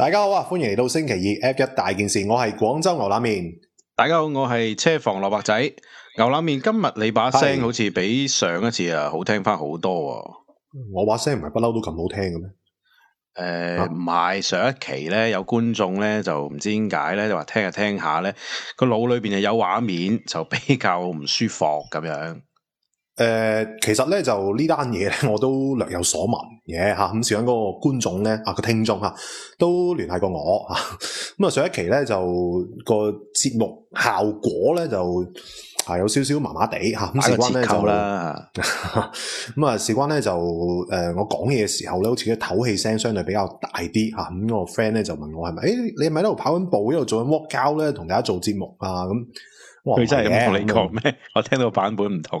大家好啊，歡迎嚟到星期二 F1 一大件事，我係廣州牛腩麵。大家好，我係車房蘿蔔仔牛腩麵。今日你把聲好似比上一次啊好聽翻好多。我把聲唔係不嬲都咁好聽嘅咩？誒、呃，唔係、啊、上一期咧，有觀眾咧就唔知點解咧，就話聽，一聽一下聽下咧，個腦裏邊係有畫面，就比較唔舒服咁樣。誒，其實咧，就呢單嘢咧，我都略有所聞嘅吓。咁事關嗰個觀眾咧，啊個聽眾吓，都聯繫過我。咁啊上一期咧就個節目效果咧就係有少少麻麻地吓。咁事關咧就咁啊事關咧就誒，我講嘢嘅時候咧，好似啲透氣聲相對比較大啲吓。咁我 friend 咧就問我係咪？誒、欸，你係咪喺度跑緊步，喺度做緊 work out 咧，同大家做節目啊？咁佢、啊、真係咁同你講咩？我聽到版本唔同。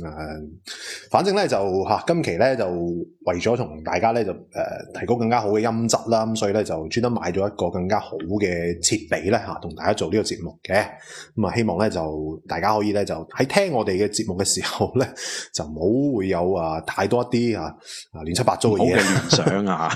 誒、嗯，反正咧就吓，今期咧就為咗同大家咧就誒，提供更加好嘅音質啦，咁所以咧就專登買咗一個更加好嘅設備咧吓，同、啊、大家做呢個節目嘅。咁、嗯、啊，希望咧就大家可以咧就喺聽我哋嘅節目嘅時候咧，就唔好會有啊太多一啲啊亂、啊、七八糟嘅嘢影相啊。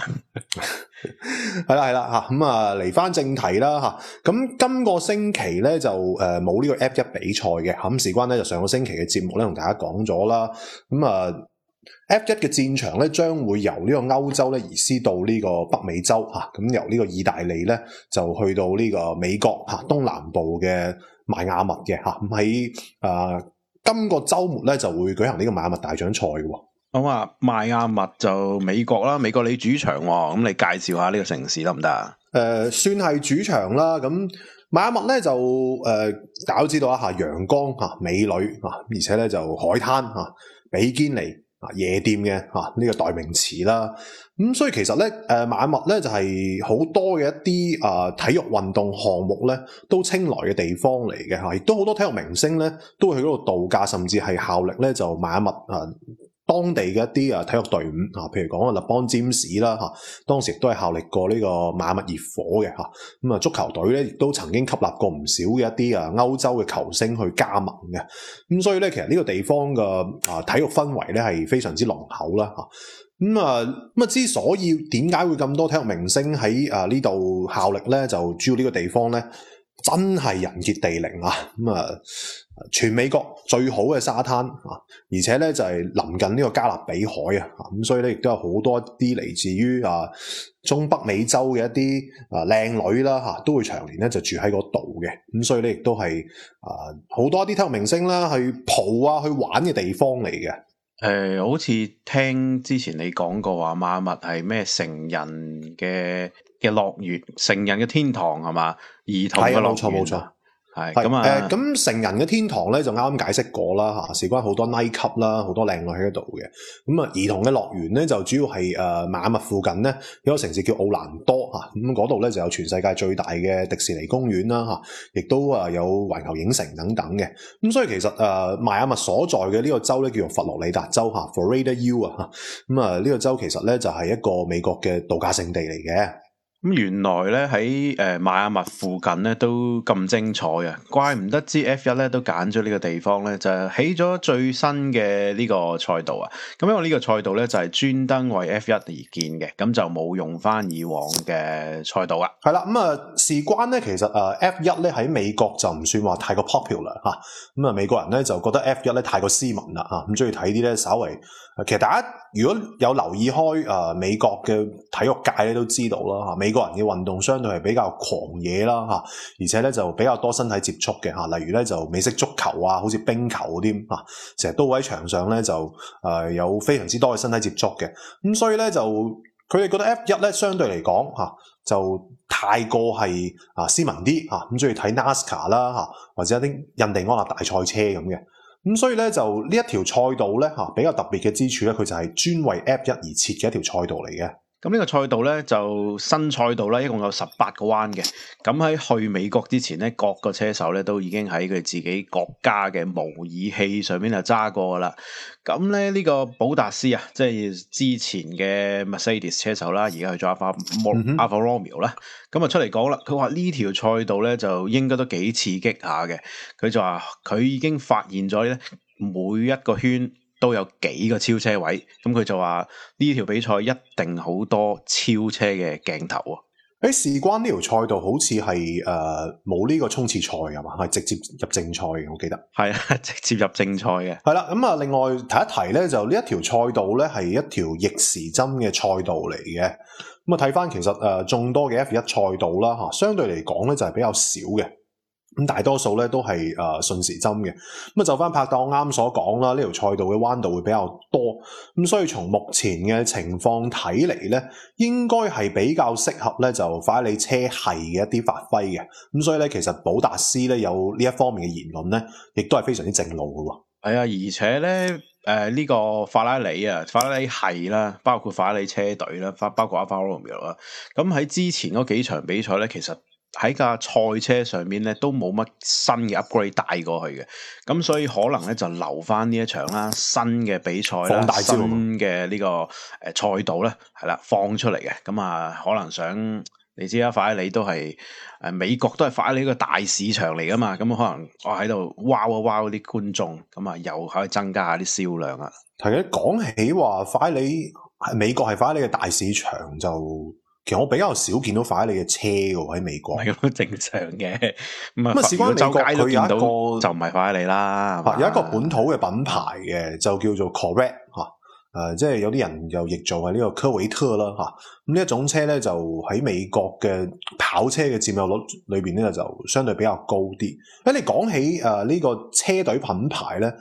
係啦係啦吓，咁啊嚟翻正題啦吓。咁、啊、今個星期咧就誒冇呢個 F1 比賽嘅，咁事關咧就上個星期嘅節目咧同大家講。講咗啦，咁啊、uh, F 一嘅戰場咧，將會由個歐呢個歐洲咧移師到呢個北美洲吓，咁、啊、由呢個意大利咧就去到呢個美國吓、啊、東南部嘅邁阿密嘅吓，喺、啊、誒、啊、今個周末咧就會舉行呢個邁阿密大獎賽嘅。咁啊，邁阿密就美國啦，美國你主場、哦，咁你介紹下呢個城市得唔得啊？誒、呃，算係主場啦，咁。邁阿密咧就誒，大家都知道一下陽光吓、美女啊，而且咧就海灘吓、啊、比堅尼啊、夜店嘅吓呢個代名詞啦。咁、啊、所以其實咧，誒邁阿密咧就係、是、好多嘅一啲啊體育運動項目咧都青睞嘅地方嚟嘅吓，亦都好多體育明星咧都會去嗰度度假，甚至係效力咧就邁阿密啊。當地嘅一啲啊體育隊伍啊，譬如講啊勒邦詹姆斯啦嚇，當時都係效力過呢個邁阿密熱火嘅嚇。咁啊足球隊咧，亦都曾經吸納過唔少嘅一啲啊歐洲嘅球星去加盟嘅。咁所以咧，其實呢個地方嘅啊體育氛圍咧係非常之濃厚啦嚇。咁啊咁啊，之所以點解會咁多體育明星喺啊呢度效力咧，就主要呢個地方咧真係人傑地靈啦。咁啊～全美國最好嘅沙灘啊，而且咧就係、是、臨近呢個加勒比海啊，咁所以咧亦都有好多啲嚟自於啊中北美洲嘅一啲啊靚女啦嚇，都會長年咧就住喺嗰度嘅，咁、啊、所以咧亦都係啊好多啲體育明星啦去蒲啊去玩嘅地方嚟嘅。誒、呃，好似聽之前你講過話，邁阿密係咩成人嘅嘅樂園，成人嘅天堂係咪？兒童嘅樂園。冇錯冇錯。係咁是啊！誒咁、呃、成人嘅天堂咧，就啱啱解釋過啦嚇、啊，事關好多 Nike 啦，好多靚女喺度嘅。咁啊，兒童嘅樂園咧，就主要係誒邁阿密附近咧，有個城市叫奧蘭多嚇，咁嗰度咧就有全世界最大嘅迪士尼公園啦嚇，亦、啊、都啊有環球影城等等嘅。咁、啊、所以其實誒邁阿密所在嘅呢個州咧，叫做佛羅里達州嚇、啊、，Florida U 啊嚇。咁啊呢、這個州其實咧就係、是、一個美國嘅度假勝地嚟嘅。咁原來咧喺誒邁阿密附近咧都咁精彩啊！怪唔得知 F 一咧都揀咗呢個地方咧，就係、起咗最新嘅呢個賽道啊！咁因為呢個賽道咧就係、是、專登為 F 一而建嘅，咁就冇用翻以往嘅賽道啊！係啦，咁、嗯、啊事關咧，其實誒、啊、F 一咧喺美國就唔算話太過 popular 啦、啊、吓，咁、嗯、啊美國人咧就覺得 F 一咧太過斯文啦吓，唔中意睇啲咧稍微。其實大家如果有留意開誒美國嘅體育界，你都知道啦吓，美國人嘅運動相對係比較狂野啦吓，而且咧就比較多身體接觸嘅吓，例如咧就美式足球啊，好似冰球嗰啲啊，成日都會喺場上咧就誒有非常之多嘅身體接觸嘅，咁所以咧就佢哋覺得 F 一咧相對嚟講吓就太過係啊斯文啲吓，咁中意睇 NASCAR 啦吓，或者一啲印第安納大賽車咁嘅。咁所以咧，就呢一條賽道咧，嚇比較特別嘅之處咧，佢就係專為 F 一而設嘅一條賽道嚟嘅。咁呢個賽道咧就新賽道啦，一共有十八個彎嘅。咁喺去美國之前咧，各個車手咧都已經喺佢自己國家嘅模擬器上面就揸過噶啦。咁咧呢、呢個寶達斯啊，即係之前嘅 Mercedes 車手啦，而家去咗阿法阿法羅密歐啦。咁啊、嗯、哼出嚟講啦，佢話呢條賽道咧就應該都幾刺激下嘅。佢就話佢已經發現咗咧每一個圈都有幾個超車位，咁佢就話呢條比賽一定好多超車嘅鏡頭喎。喺、哎、事關呢條賽道好，好似係誒冇呢個衝刺賽㗎嘛，係直接入正賽嘅，我記得。係啊，直接入正賽嘅。係啦，咁、嗯、啊，另外提一提咧，就呢一條賽道咧係一條逆時針嘅賽道嚟嘅。咁、嗯、啊，睇翻其實誒眾、呃、多嘅 F1 賽道啦嚇、啊，相對嚟講咧就係比較少嘅。咁大多數咧都係誒順時針嘅。咁啊，就翻拍檔啱所講啦，呢條賽道嘅彎道會比較多。咁所以從目前嘅情況睇嚟咧，應該係比較適合咧就法拉利車系嘅一啲發揮嘅。咁所以咧，其實寶達斯咧有呢一方面嘅言論咧，亦都係非常之正路嘅喎。係啊，而且咧誒呢個法拉利啊，法拉利係啦，包括法拉利車隊啦，包包括阿法羅梅啊。咁喺之前嗰幾場比賽咧，其實喺架賽車上面咧，都冇乜新嘅 upgrade 帶過去嘅，咁所以可能咧就留翻呢一場啦，新嘅比賽啦，放大招新嘅呢、呢個誒、呃、賽道咧，係啦放出嚟嘅，咁啊可能想你知啊，法拉利都係誒美國都係法拉利個大市場嚟噶嘛，咁、啊、可能我喺度 wow w、wow、啲觀眾，咁啊又可以增加下啲銷量啊。同你講起話，法拉利美國係法拉利嘅大市場就。其實我比較少見到快利嘅車喎喺美國，咁正常嘅。咁 啊因為，事關美國佢有一個就唔係快利啦、啊啊，有一個本土嘅品牌嘅，嗯、就叫做 Corvette，啊誒、呃，即係有啲人又譯做係呢個科維特啦嚇，咁呢一種車咧就喺美國嘅跑車嘅佔有率裏邊咧就相對比較高啲。誒、啊，你講起誒呢、呃這個車隊品牌咧，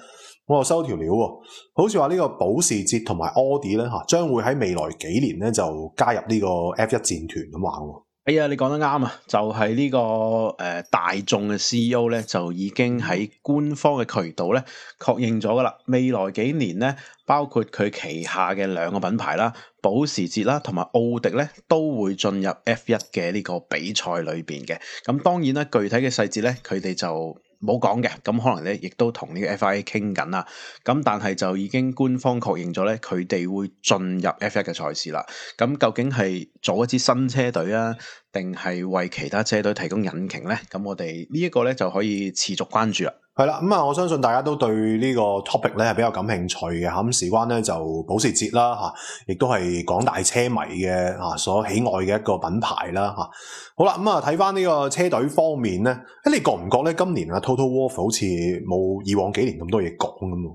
我、哦、又收條料喎、哦，好似話呢個保時捷同埋 Audi 咧嚇，將、啊、會喺未來幾年咧就加入呢個 F 一戰團噉話。哎呀，你講得啱啊！就係、是、呢、這個誒、呃、大眾嘅 CEO 咧，就已經喺官方嘅渠道咧確認咗噶啦。未來幾年咧，包括佢旗下嘅兩個品牌啦，保時捷啦、啊，同埋奧迪咧，都會進入 F1 嘅呢個比賽裏邊嘅。咁當然啦，具體嘅細節咧，佢哋就。冇講嘅，咁可能咧亦都同呢個 FIA 傾緊啦。咁但係就已經官方確認咗咧，佢哋會進入 F1 嘅賽事啦。咁究竟係做一支新車隊啊，定係為其他車隊提供引擎咧？咁我哋呢一個咧就可以持續關注啦。係啦，咁啊，我相信大家都對呢個 topic 咧係比較感興趣嘅吓。咁事關咧就保時捷啦吓，亦都係廣大車迷嘅啊所喜愛嘅一個品牌啦吓。好、啊、啦，咁啊睇翻呢個車隊方面咧，誒，你覺唔覺咧今年啊 Toto Wolff 好似冇以往幾年咁多嘢講咁？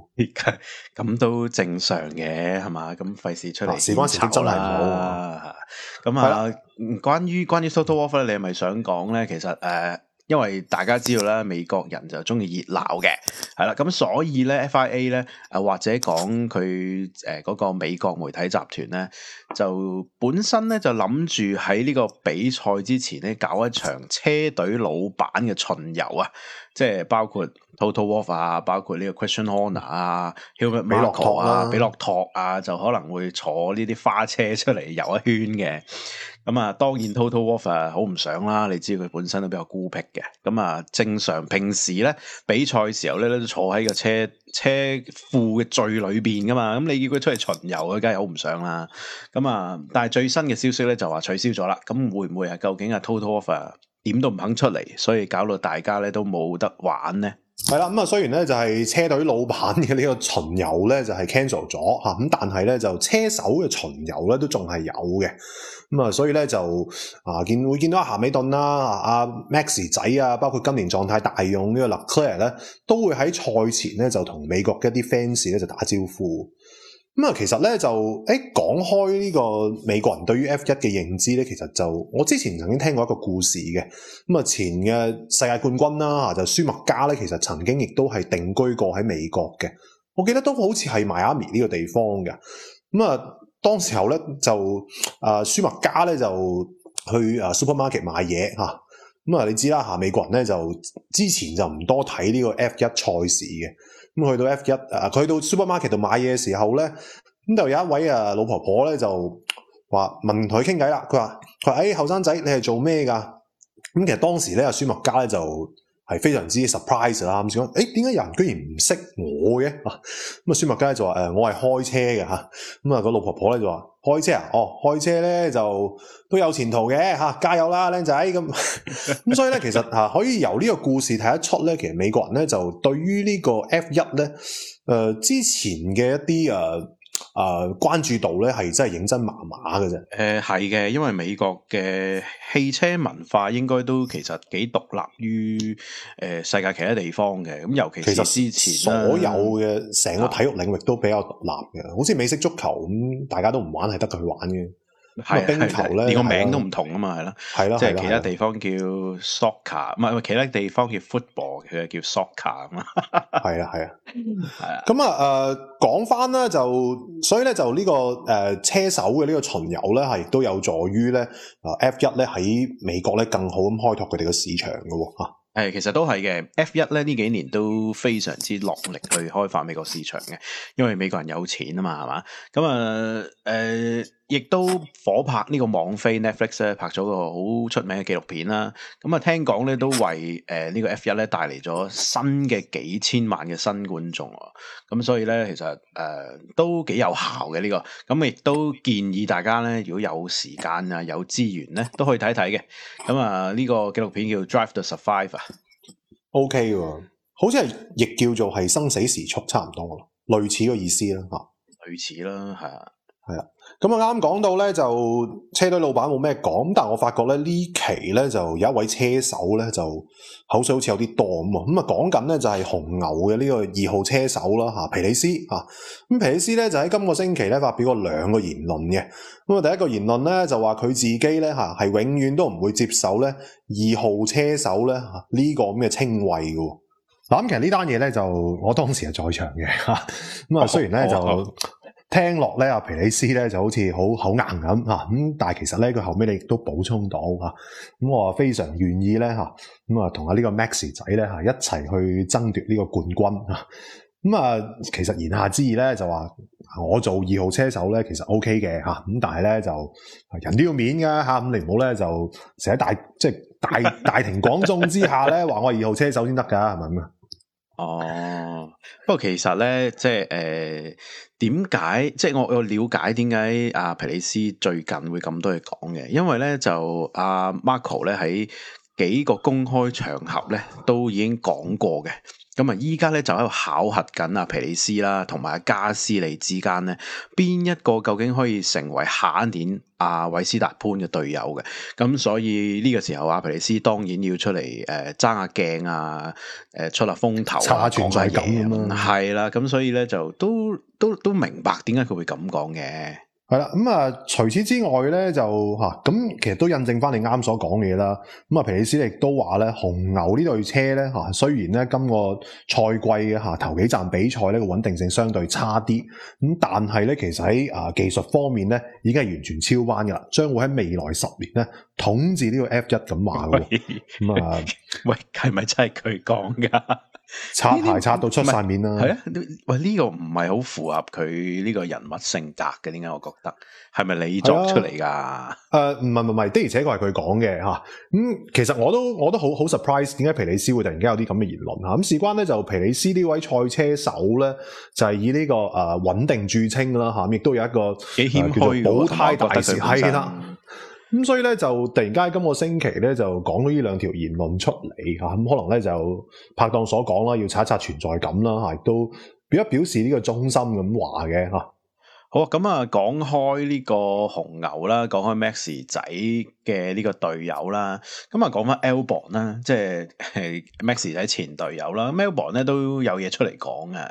咁都 正常嘅係嘛？咁費事出嚟插啦。咁啊，關於關於 Toto Wolff 咧，你係咪想講咧？其實誒。呃因為大家知道啦，美國人就中意熱鬧嘅，係啦，咁所以咧 FIA 咧，啊或者講佢誒嗰個美國媒體集團咧，就本身咧就諗住喺呢個比賽之前咧搞一場車隊老闆嘅巡遊啊，即係包括 Toto Wolff 啊，包括呢個 Christian Horner 啊，叫咩美洛托啊，比洛托啊，啊就可能會坐呢啲花車出嚟遊一圈嘅。咁啊，當然 Toto Wolff 好唔想啦。你知佢本身都比較孤僻嘅，咁啊正常平時咧比賽嘅時候咧，都坐喺個車車庫嘅最裏邊噶嘛。咁你叫佢出去巡遊，佢梗係好唔想啦。咁啊，但係最新嘅消息咧就話取消咗啦。咁會唔會係究竟啊 Toto Wolff 點都唔肯出嚟，所以搞到大家咧都冇得玩咧？係啦，咁啊雖然咧就係車隊老闆嘅呢個巡遊咧就係 cancel 咗嚇，咁但係咧就車手嘅巡遊咧都仲係有嘅。咁啊、嗯，所以咧就啊見會見到阿、啊、夏美頓啦、啊、阿、啊、Maxi 仔啊，包括今年狀態大勇呢個勒克萊咧，都會喺賽前咧就同美國嘅一啲 fans 咧就打招呼。咁、嗯、啊，其實咧就誒講、欸、開呢個美國人對於 F 一嘅認知咧，其實就我之前曾經聽過一個故事嘅。咁、嗯、啊，前嘅世界冠軍啦啊就舒麥加咧，其實曾經亦都係定居過喺美國嘅。我記得都好似係邁阿密呢個地方嘅。咁、嗯、啊。嗯當時候咧就、呃、麥家呢就啊，舒麥加咧就去啊 supermarket 買嘢吓，咁啊你知啦吓，美國人咧就之前就唔多睇呢個 F 一賽事嘅，咁、嗯、去到 F 一啊，佢去到 supermarket 度買嘢嘅時候咧，咁、嗯、就有一位啊老婆婆咧就話問佢傾偈啦，佢話佢話誒後生仔你係做咩噶？咁、嗯、其實當時咧阿舒麥加咧就。係非常之 surprise 啦，咁講，誒、欸，點解有人居然唔識我嘅？咁啊，孫麥佳就話：誒、呃，我係開車嘅吓，咁啊，個、嗯、老婆婆咧就話：開車啊，哦，開車咧就都有前途嘅吓、啊，加油啦，靚仔咁。咁、嗯啊嗯、所以咧，其實吓、啊、可以由呢個故事睇得出咧，其實美國人咧就對於呢個 F 一咧，誒、呃，之前嘅一啲誒、啊。誒、呃，關注度咧係真係認真麻麻嘅啫。誒、呃，係嘅，因為美國嘅汽車文化應該都其實幾獨立於誒、呃、世界其他地方嘅。咁尤其其實之前所有嘅成、嗯、個體育領域都比較獨立嘅，好似美式足球咁、嗯，大家都唔玩，係得佢玩嘅。係啊，冰球咧連個名都唔同啊嘛，係啦的，係啦的，即係其他地方叫 soccer，唔係其他地方叫 football，佢係叫 soccer 啊嘛，係啊，係啊，係啊。咁啊誒，講翻咧就，所以咧就呢、這個誒、呃、車手嘅呢個巡遊咧係都有助於咧啊 F 一咧喺美國咧更好咁開拓佢哋嘅市場噶吓。係，其實都係嘅。F 一咧呢幾年都非常之落力去開發美國市場嘅，因為美國人有錢啊嘛，係嘛，咁啊誒。呃呃亦都火拍呢個網飛 Netflix 咧，拍咗個好出名嘅紀錄片啦。咁啊，聽講咧都為誒呢個 F1 咧帶嚟咗新嘅幾千萬嘅新觀眾喎。咁所以咧其實誒、呃、都幾有效嘅呢、這個。咁亦都建議大家咧，如果有時間啊、有資源咧，都可以睇一睇嘅。咁啊，呢個紀錄片叫《Drive to Survive》啊。O K、okay、喎，好似係亦叫做係生死時速，差唔多咯，類似個意思啦嚇。類似啦，係啊，係啊。咁啊，啱講到咧就車隊老闆冇咩講，但係我發覺咧呢期咧就有一位車手咧就口水好似有啲多咁喎，咁啊講緊咧就係紅牛嘅呢個二號車手啦吓，皮里斯啊，咁皮里斯咧就喺今個星期咧發表過兩個言論嘅，咁啊第一個言論咧就話佢自己咧吓係永遠都唔會接受咧二號車手咧呢個咁嘅稱謂嘅嗱，咁其實呢單嘢咧就我當時係在場嘅吓，咁啊雖然咧就。啊啊啊聽落咧阿皮里斯咧就好似好口硬咁嚇，咁但係其實咧佢後尾咧亦都補充到嚇，咁我話非常願意咧嚇，咁啊同阿呢個 Maxi 仔咧嚇一齊去爭奪呢個冠軍嚇，咁啊其實言下之意咧就話我做二號車手咧其實 OK 嘅嚇，咁但係咧就人都要面㗎嚇，咁你唔好咧就成日大即係、就是、大大，大庭廣眾之下咧話我二號車手先得㗎，係咪咁啊？哦，不過其實咧，即係誒點解？即係我我了解點解阿皮里斯最近會咁多嘢講嘅，因為咧就阿、啊、Marco 咧喺幾個公開場合咧都已經講過嘅。咁啊！依家咧就喺度考核緊阿皮里斯啦，同埋阿加斯利之間咧，邊一個究竟可以成為下一年阿韋斯達潘嘅隊友嘅？咁所以呢個時候阿皮里斯當然要出嚟，誒爭下鏡啊！誒出下風頭，插下傳世嘅。係啦，咁所以咧就都都都明白點解佢會咁講嘅。係啦，咁啊、嗯，除此之外咧就吓，咁、啊、其實都印證翻你啱所講嘅嘢啦。咁啊，皮里斯咧亦都話咧，紅牛呢隊車咧吓，雖然咧今個賽季嘅吓、啊、頭幾站比賽咧個穩定性相對差啲，咁但係咧其實喺啊技術方面咧，已經係完全超班噶啦，將會喺未來十年咧統治呢個 F 一咁話。咁啊，喂，係咪真係佢講噶？擦鞋擦到出曬面啦，係啊！喂，呢個唔係好符合佢呢個人物性格嘅，點解？我覺得係咪你作出嚟噶？誒、啊，唔係唔係，的而且確係佢講嘅吓。咁、嗯、其實我都我都好好 surprise，點解皮里斯會突然間有啲咁嘅言論吓？咁、啊、事關咧，就皮里斯呢位賽車手咧，就係、是、以呢、這個誒穩、啊、定著稱啦吓，亦、啊、都有一個幾謙虛嘅、啊、保胎大事係啦。咁所以咧就突然間今個星期咧就講咗呢兩條言論出嚟，吓咁可能咧就拍檔所講啦，要刷一刷存在感啦，亦都表一表示呢個忠心咁話嘅吓。好啊，咁啊講開呢個紅牛啦，講開 Max 仔嘅呢個隊友啦，咁啊講翻 Albon 啦，即係 Max 仔前隊友啦，Albon 咧都有嘢出嚟講啊！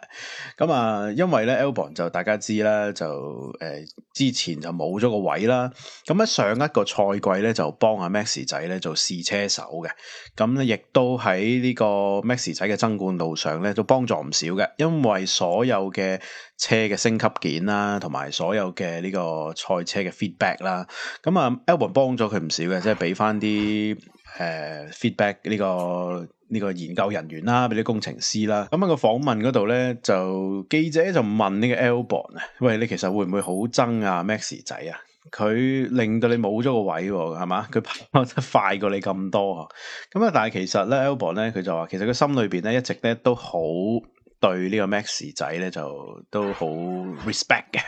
咁啊，因為咧 Albon 就大家知啦，就誒、呃、之前就冇咗個位啦，咁喺上一個賽季咧就幫阿 Max 仔咧做試車手嘅，咁咧亦都喺呢個 Max 仔嘅爭冠路上咧都幫助唔少嘅，因為所有嘅車嘅升級件啦，同埋所有嘅呢個賽車嘅 feedback 啦，咁啊 Albon 幫咗佢。唔少嘅，即係俾翻啲誒、呃、feedback 呢、呢個呢、呢個研究人員啦，俾啲工程師啦。咁、嗯、啊、個訪問嗰度咧，就記者就問呢個 Albon 啊，喂，你其實會唔會好憎啊 Max 仔啊？佢令到你冇咗個位係嘛、哦？佢跑得快過你咁多啊！咁、嗯、啊，但係其實咧，Albon 咧，佢就話其實佢心裏邊咧，一直咧都好。對呢個 Max 仔咧就都好 respect 嘅，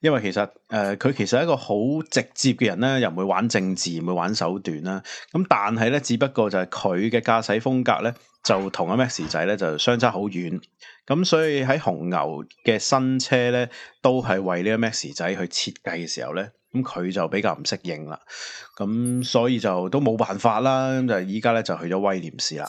因為其實誒佢、呃、其實係一個好直接嘅人啦，又唔會玩政治，唔會玩手段啦。咁但係咧，只不過就係佢嘅駕駛風格咧，就同阿 Max 仔咧就相差好遠。咁所以喺紅牛嘅新車咧，都係為呢個 Max 仔去設計嘅時候咧，咁佢就比較唔適應啦。咁所以就都冇辦法啦。咁就依家咧就去咗威廉士啦。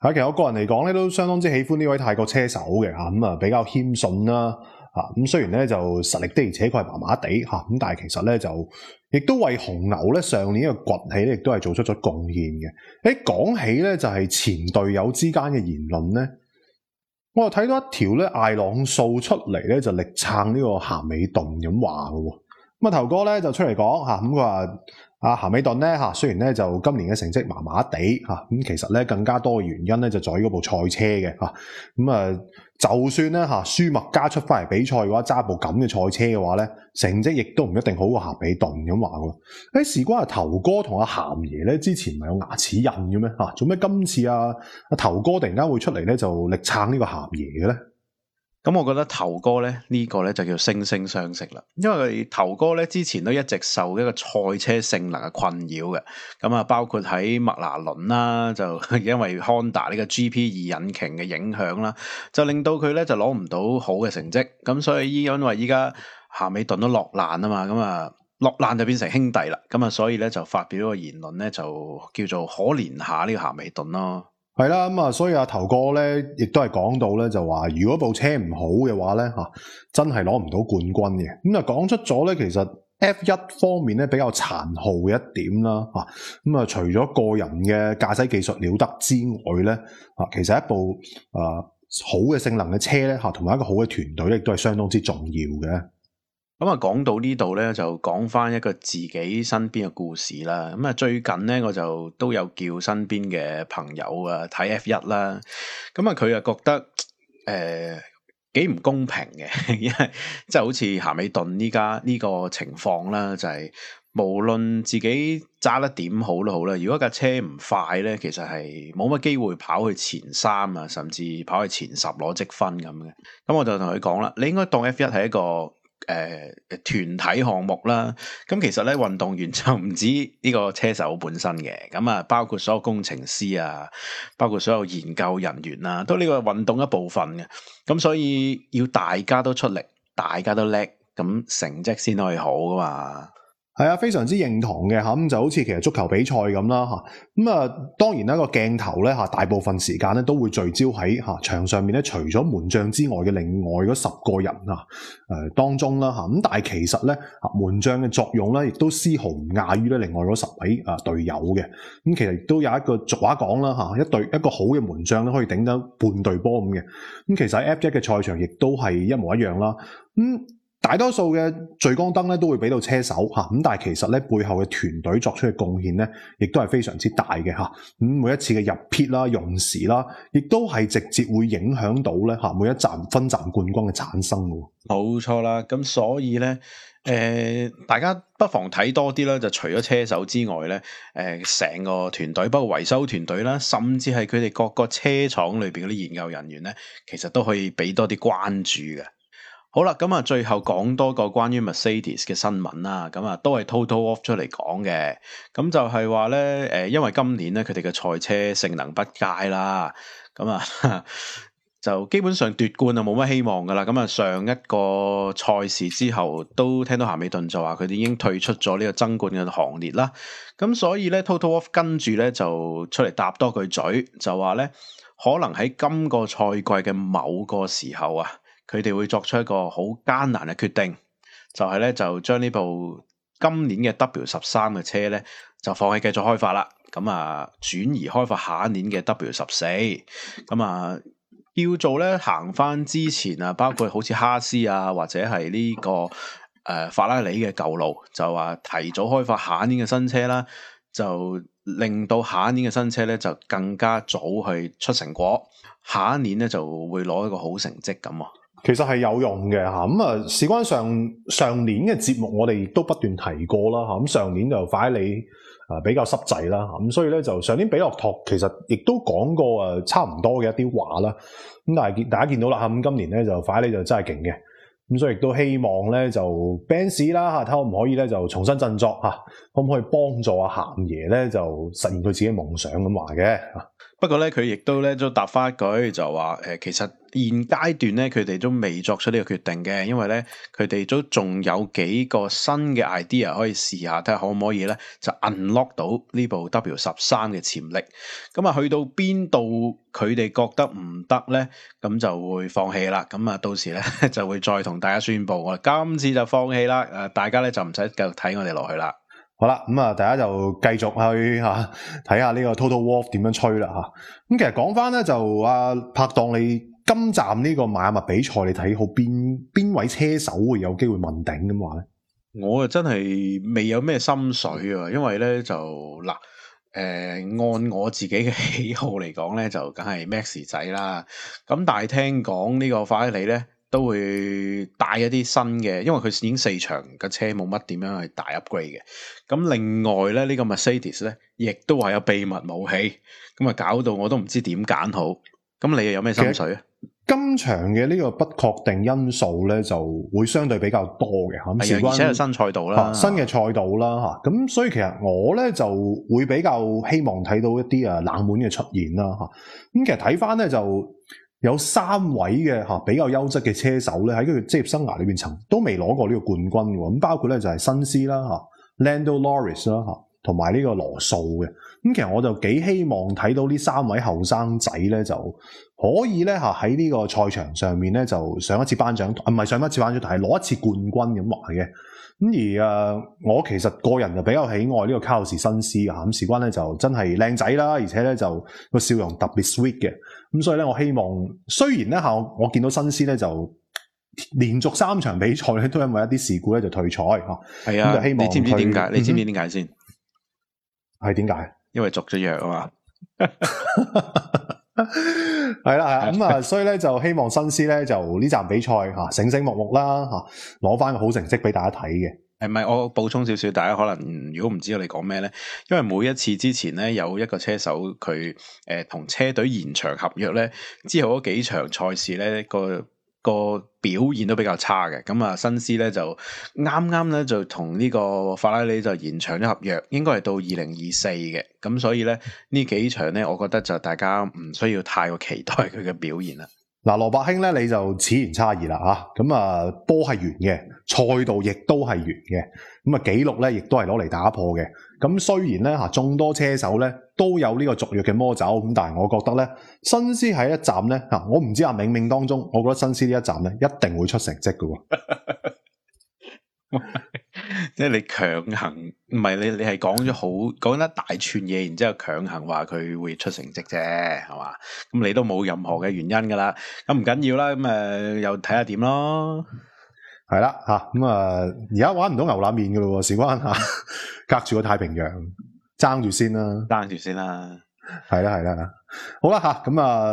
啊，其實我個人嚟講咧，都相當之喜歡呢位泰國車手嘅，吓，咁啊比較謙遜啦，啊、嗯、咁雖然咧就實力的而且確係麻麻地吓，咁、嗯、但係其實咧就亦都為紅牛咧上年嘅崛起，亦都係做出咗貢獻嘅。誒、嗯，講起咧就係、是、前隊友之間嘅言論咧，我又睇到一條咧艾朗素出嚟咧就力撐呢個咸美頓咁話嘅，咁、嗯、啊頭哥咧就出嚟講吓，咁佢話。嗯阿咸美頓咧吓，雖然咧就今年嘅成績麻麻地吓，咁其實咧更加多嘅原因咧就在於嗰部賽車嘅吓，咁啊就算咧吓舒麥加出翻嚟比賽嘅話，揸部咁嘅賽車嘅話咧，成績亦都唔一定好過咸美頓咁話嘅。誒，事關阿頭哥同阿咸爺咧，之前唔係有牙齒印嘅咩吓？做咩今次阿、啊、阿頭哥突然間會出嚟咧就力撐呢個咸爺嘅咧？咁我覺得頭哥咧呢、這個咧就叫惺惺相惜啦，因為頭哥咧之前都一直受一個賽車性能嘅困擾嘅，咁啊包括喺麥拿倫啦，就因為 Honda 呢個 GP2 引擎嘅影響啦，就令到佢咧就攞唔到好嘅成績，咁所以依因為依家夏美頓都落難啊嘛，咁啊落難就變成兄弟啦，咁啊所以咧就發表一個言論咧就叫做可憐下呢個夏美頓咯。係啦，咁啊，所以阿、啊、頭哥咧，亦都係講到咧，就話如果部車唔好嘅話咧，吓、啊、真係攞唔到冠軍嘅。咁啊，講出咗咧，其實 F1 方面咧比較殘酷一點啦，吓咁啊，除咗個人嘅駕駛技術了得之外咧，啊，其實一部啊好嘅性能嘅車咧，吓同埋一個好嘅團隊咧，亦都係相當之重要嘅。咁啊，講到呢度咧，就講翻一個自己身邊嘅故事啦。咁啊，最近咧，我就都有叫身邊嘅朋友啊睇 F 一啦。咁、嗯、啊，佢又覺得誒、呃、幾唔公平嘅， 因為即係、就是、好似咸美頓依家呢個情況啦，就係、是、無論自己揸得點好都好啦，如果架車唔快咧，其實係冇乜機會跑去前三啊，甚至跑去前十攞積分咁嘅。咁、嗯、我就同佢講啦，你應該當 F 一係一個。誒、呃，團體項目啦，咁其實咧，運動員就唔止呢個車手本身嘅，咁啊包括所有工程師啊，包括所有研究人員啦、啊，都呢個運動一部分嘅，咁所以要大家都出力，大家都叻，咁成績先可以好㗎嘛。係啊，非常之認同嘅嚇，咁就好似其實足球比賽咁啦嚇，咁啊當然啦，個鏡頭咧嚇，大部分時間咧都會聚焦喺嚇場上面咧，除咗門將之外嘅另外嗰十個人啊誒當中啦嚇，咁但係其實咧嚇門將嘅作用咧，亦都絲毫唔亞於咧另外嗰十位啊隊友嘅，咁其實亦都有一個俗話講啦嚇，一隊一個好嘅門將咧，可以頂得半隊波咁嘅，咁其實喺 F1 嘅賽場亦都係一模一樣啦，咁、嗯。大多數嘅聚光燈咧都會俾到車手嚇，咁但係其實咧背後嘅團隊作出嘅貢獻咧，亦都係非常之大嘅嚇。咁每一次嘅入撇啦、用時啦，亦都係直接會影響到咧嚇每一站分站冠軍嘅產生嘅。冇錯啦，咁所以咧，誒、呃、大家不妨睇多啲啦，就除咗車手之外咧，誒、呃、成個團隊，包括維修團隊啦，甚至係佢哋各個車廠裏邊嗰啲研究人員咧，其實都可以俾多啲關注嘅。好啦，咁啊，最後講多個關於 Mercedes 嘅新聞啦，咁啊，都係 Toto Wolff 出嚟講嘅，咁就係話咧，誒，因為今年咧佢哋嘅賽車性能不佳啦，咁啊， 就基本上奪冠啊冇乜希望噶啦，咁啊，上一個賽事之後都聽到夏美頓就話佢哋已經退出咗呢個爭冠嘅行列啦，咁所以咧 Toto Wolff 跟住咧就出嚟搭多句嘴，就話咧可能喺今個賽季嘅某個時候啊。佢哋會作出一個好艱難嘅決定，就係咧就將呢部今年嘅 W 十三嘅車咧就放棄繼續開發啦。咁啊，轉移開發下一年嘅 W 十四。咁啊，要做咧行翻之前啊，包括好似哈斯啊，或者係呢個誒法拉利嘅舊路，就話提早開發下一年嘅新車啦，就令到下一年嘅新車咧就更加早去出成果。下一年咧就會攞一個好成績咁啊。其實係有用嘅吓，咁、嗯、啊事關上上年嘅節目，我哋亦都不斷提過啦吓，咁、嗯、上年就快喺你啊比較濕滯啦吓，咁、嗯、所以咧就上年比洛托其實亦都講過啊差唔多嘅一啲話啦，咁、嗯、但係見大家見到啦吓，咁、嗯、今年咧就快喺你就真係勁嘅，咁、嗯、所以亦都希望咧就 Benz 啦吓，睇可唔可以咧就重新振作吓、啊，可唔可以幫助阿、啊、咸爺咧就實現佢自己嘅夢想咁話嘅吓。不過咧，佢亦都咧都答翻一句，就話誒，其實現階段咧，佢哋都未作出呢個決定嘅，因為咧，佢哋都仲有幾個新嘅 idea 可以試下，睇下可唔可以咧就 unlock 到呢部 W 十三嘅潛力。咁啊，去到邊度佢哋覺得唔得咧，咁就會放棄啦。咁啊，到時咧 就會再同大家宣布，我今次就放棄啦。誒，大家咧就唔使繼續睇我哋落去啦。好啦，咁、嗯、啊，大家就繼續去吓睇下呢個 Total Wolf 點樣吹啦吓。咁、啊、其實講翻咧，就阿、啊、拍檔，你今站呢個邁阿密比賽，你睇好邊邊位車手會有機會問鼎咁話咧？我啊真係未有咩心水啊，因為咧就嗱，誒、呃，按我自己嘅喜好嚟講咧，就梗係 Max 仔啦。咁但係聽講呢個法拉利咧。都會帶一啲新嘅，因為佢已經四場嘅車冇乜點樣去大 upgrade 嘅。咁另外咧,這個、呢個 Mercedes 咧，亦都話有秘密武器，咁啊搞到我都唔知點揀好。咁你又有咩心水啊？今場嘅呢個不確定因素咧，就會相對比較多嘅。係而且係新賽道啦，啊、新嘅賽道啦，吓、啊、咁。所以其實我咧就會比較希望睇到一啲啊冷門嘅出現啦，吓、啊、咁、嗯。其實睇翻咧就。有三位嘅吓比較優質嘅車手咧，喺佢個職業生涯裏邊，曾都未攞過呢個冠軍嘅。咁包括咧就係新思啦吓，Lando Norris 啦吓，同埋呢個羅素嘅。咁其實我就幾希望睇到呢三位後生仔咧，就可以咧吓喺呢個賽場上面咧，就上一次頒獎，唔係上一次頒獎台，係攞一次冠軍咁話嘅。咁而誒，我其實個人就比較喜愛呢個卡路士辛斯啊！咁事關咧就真係靚仔啦，而且咧就個笑容特別 sweet 嘅。咁所以咧，我希望雖然咧吓我見到辛斯咧就連續三場比賽都因為一啲事故咧就退賽哦。係啊，咁就希望你知唔知點解？你知唔知點解先？係點解？因為續咗約啊嘛。 係啦，係啊， 咁、 嗯、啊，所以咧就希望新師咧就呢站比賽吓、啊、醒醒目目啦吓，攞返個好成績俾大家睇嘅。係咪我補充少少？大家可能如果唔知道你講咩咧，因為每一次之前咧有一個車手佢誒同車隊延長合約咧之後嗰幾場賽事咧個。個表現都比較差嘅。咁啊，新司咧就啱啱咧就同呢個法拉利就延長咗合約，應該係到二零二四嘅，咁所以咧呢幾場咧，我覺得就大家唔需要太過期待佢嘅表現啦。嗱，羅伯興咧你就此言差矣啦吓，咁啊波係圓嘅，賽道亦都係圓嘅，咁啊紀錄咧亦都係攞嚟打破嘅。咁雖然咧嚇眾多車手咧都有呢個續約嘅魔咒，咁但係我覺得咧新思喺一站咧嚇，我唔知阿冥冥當中，我覺得新思呢一站咧一定會出成績嘅喎。 即係你強行，唔係你你係講咗好講得一大串嘢，然之後強行話佢會出成績啫，係嘛？咁你都冇任何嘅原因噶啦，咁唔緊要啦，咁誒又睇下點咯。係啦，吓咁啊，而家玩唔到牛腩麵噶咯，事關吓隔住個太平洋爭住先啦，爭住先啦，啊，係啦係啦，好啦吓，咁啊，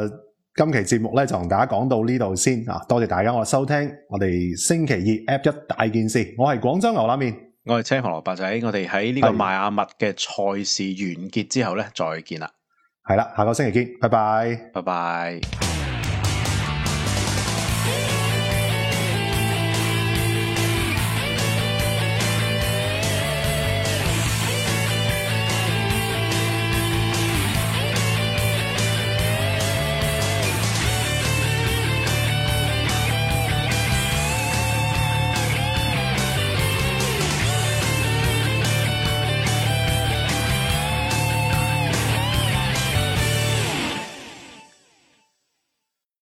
今期節目咧就同大家講到呢度先啊，多謝大家我收聽，我哋星期二 APP 一大件事，我係廣州牛腩麵，我係青紅蘿蔔仔，我哋喺呢個邁阿密嘅賽事完結之後咧再見啦，係啦，下個星期見，拜拜，拜拜。